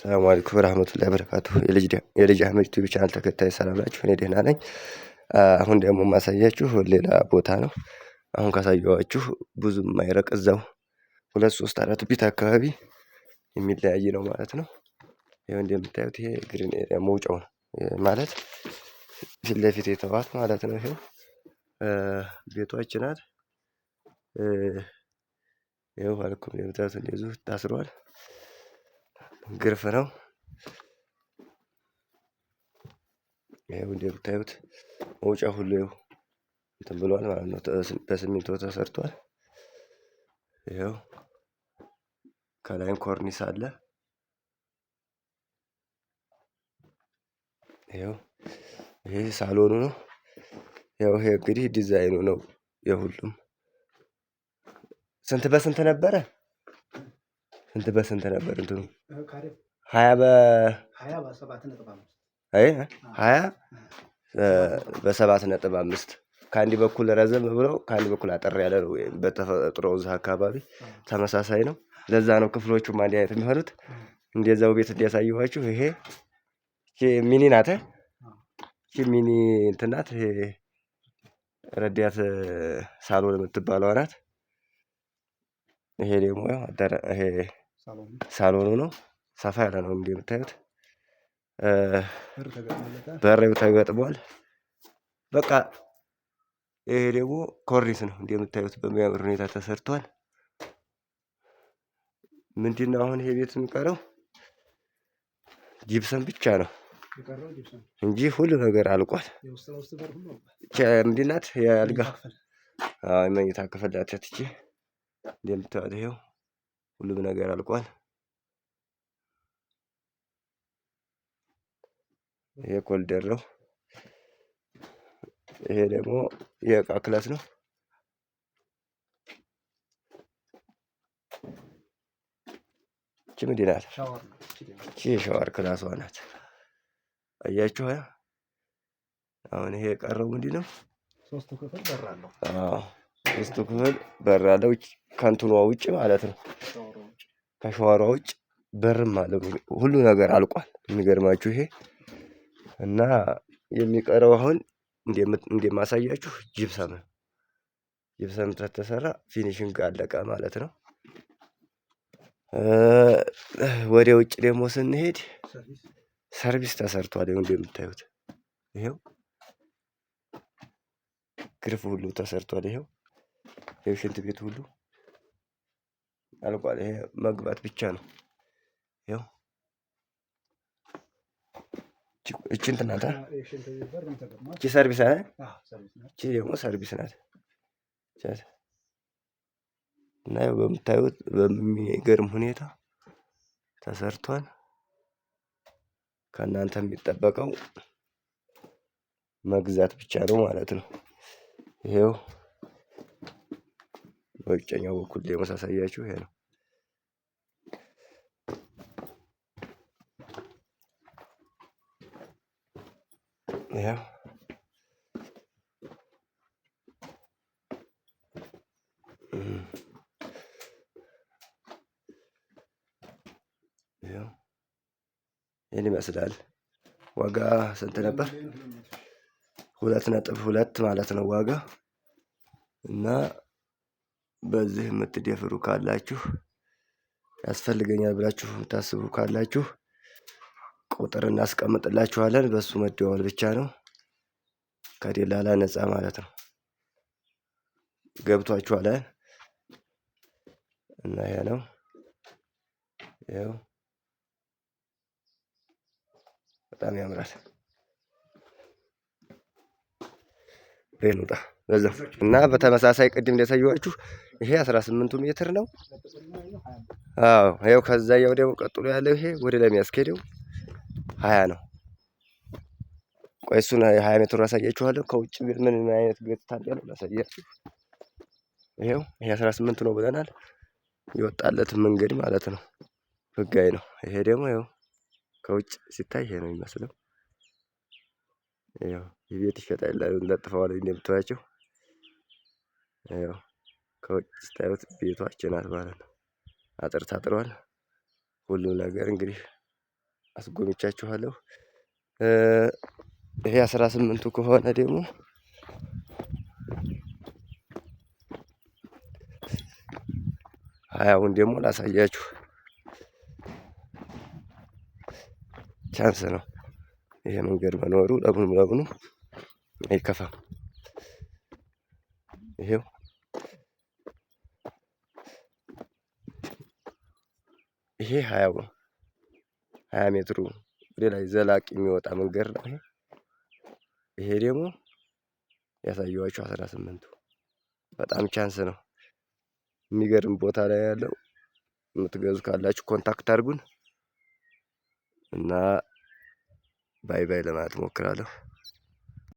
ሰላም አለይኩም ወራህመቱላሂ ወበረካቱሁ። የልጅ የልጅ አህመድ ዩቲዩብ ቻናል ተከታይ ሰላም ናችሁ? እኔ ደህና ነኝ። አሁን ደግሞ የማሳያችሁ ሌላ ቦታ ነው። አሁን ካሳየኋችሁ ብዙ የማይረቅ እዛው ሁለት ሶስት አራት ቢት አካባቢ የሚለያይ ነው ማለት ነው። ይኸው እንደምታዩት ይሄ ግሪን ኤሪያ መውጫው ነው ማለት ፊት ለፊት የተዋት ማለት ነው። ይሄው ቤቷች ናት። ይኸው አልኩም እንደምታዩት እንደዚሁ ታስሯል። ግርፍ ነው። ይኸው እንደምታዩት መውጫ ሁሉ ይኸው እንትን ብሏል ማለት ነው። በሲሚንቶ ተሰርቷል። ይኸው ከላይም ኮርኒስ አለ። ይኸው ይሄ ሳሎኑ ነው። ያው ይሄ እንግዲህ ዲዛይኑ ነው የሁሉም። ስንት በስንት ነበረ? ስንት በስንት ነበር እንትኑ? ሀያ በ ሀያ በሰባት ነጥብ አምስት ከአንድ በኩል ረዘም ብለው ከአንድ በኩል አጠር ያለ ነው። በተፈጥሮ እዛ አካባቢ ተመሳሳይ ነው። ለዛ ነው ክፍሎቹም አንድ አይነት የሚሆኑት። እንደዛው ቤት እንዲያሳየኋችሁ ይሄ ሚኒ ናት። ሚኒ እንትናት ይሄ ረዳት ሳሎን የምትባለዋ ናት። ይሄ ደግሞ ይሄ ሳሎኑ ነው። ሰፋ ያለ ነው እንደምታዩት። የምታዩት። በርም ተገጥሟል። በቃ ይሄ ደግሞ ኮርኒስ ነው እንደምታዩት በሚያምር ሁኔታ ተሰርቷል። ምንድነው አሁን ይሄ ቤት የሚቀረው? ጂፕሰን ብቻ ነው እንጂ ሁሉ ነገር አልቋል። ምንድናት የአልጋ መኝታ ክፍል ናት። ትቼ እንደምታዩት ይኸው ሁሉም ነገር አልቋል። ይሄ ኮልደር ነው። ይሄ ደግሞ የእቃ ክላስ ነው። እቺ ምንድን ናት? እቺ የሻወር ክላሷ ናት። አያችሁ? አሁን ይሄ የቀረው ምንድን ነው? ሶስቱ ክፍል በራለው። ሶስቱ ክፍል በራለው ከንትኗ ውጭ ማለት ነው። ከሻወሯ ውጭ በርም አለ ሁሉ ነገር አልቋል የሚገርማችሁ ይሄ እና የሚቀረው አሁን እንደማሳያችሁ ጅብሰም ነው። ጅብሰም ከተሰራ ፊኒሽንግ አለቀ ማለት ነው። ወደ ውጭ ደግሞ ስንሄድ ሰርቪስ ተሰርቷል። ይኸው እንደምታዩት ይኸው ግርፍ ሁሉ ተሰርቷል። ይኸው የሽንት ቤት ሁሉ አልቋል። ይሄ መግባት ብቻ ነው። ይኸው እችን ትናንታ እቺ ሰርቪስ ናት። እቺ ደግሞ ሰርቪስ ናት እና በምታዩት በሚገርም ሁኔታ ተሰርቷል። ከእናንተ የሚጠበቀው መግዛት ብቻ ነው ማለት ነው። ይሄው በውጭኛው በኩል ደግሞ ሳሳያችሁ ይሄ ነው። ይህን ይመስላል። ዋጋ ስንት ነበር? ሁለት ነጥብ ሁለት ማለት ነው ዋጋ እና በዚህ የምትደፍሩ ካላችሁ ያስፈልገኛል ብላችሁ የምታስቡ ካላችሁ ቁጥር እናስቀምጥላችኋለን። በሱ መደዋወል ብቻ ነው፣ ከደላላ ነፃ ማለት ነው። ገብቷችኋል? እና ይሄ ነው ያው በጣም ያምራል። ሬኑጣ በዛ እና በተመሳሳይ ቅድም እንደሳየኋችሁ ይሄ 18ቱ ሜትር ነው። አዎ ይኸው ያው ደግሞ ቀጥሎ ያለው ይሄ ወደ ለሚያስኬደው ሀያ ነው። ቆይ እሱን ሀያ ሜትሩን አሳያችኋለሁ። ከውጭ ምን ምን አይነት ገጽታ እንዳለው ላሳያችሁ። ይኸው ይሄ 18 ነው ብለናል። የወጣለት መንገድ ማለት ነው ህጋዊ ነው። ይሄ ደግሞ ይኸው ከውጭ ሲታይ ይሄ ነው የሚመስለው። ይኸው የቤት ይሸጣል ለጥፈዋል እንደምታያቸው ከውጭ ስታዩት ቤቷችን ናት ማለት ነው። አጥር ታጥሯል። ሁሉም ነገር እንግዲህ አስጎብኝቻችኋለሁ። ይሄ አስራ ስምንቱ ከሆነ ደግሞ ሀያውን ደግሞ ላሳያችሁ ቻንስ ነው። ይሄ መንገድ መኖሩ ለምኑም ለምኑም አይከፋም። ይሄው ይሄ ሀያው ነው። ሀያ ሜትሩ ወደ ላይ ዘላቅ የሚወጣ መንገድ ነው። ይሄ ደግሞ ያሳየኋችሁ አስራ ስምንቱ በጣም ቻንስ ነው። የሚገርም ቦታ ላይ ያለው የምትገዙ ካላችሁ ኮንታክት አድርጉን እና ባይ ባይ ለማለት እሞክራለሁ።